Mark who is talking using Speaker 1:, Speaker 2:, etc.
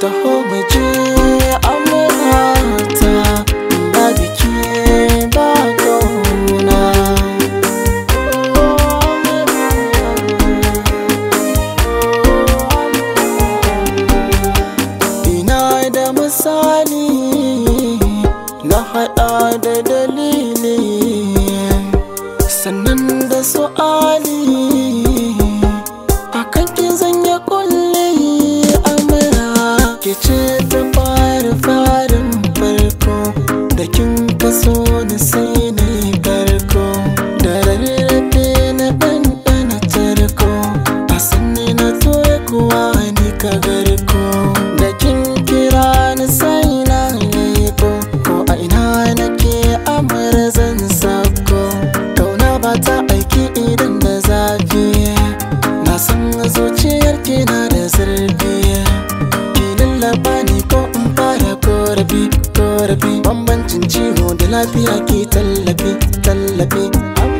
Speaker 1: taho mu je amanata ba biki ba kauna ina da misali na haɗa da dalili sannan da su'ali ka garko da kin kira ni sai na ko a ina nake amara zan sako kauna ba ta aiki idan da zafi na san zuciyar na da zurfi ki lallaba ni ko in fara korafi korafi bambancin ciwo da lafiya ki tallafi tallafi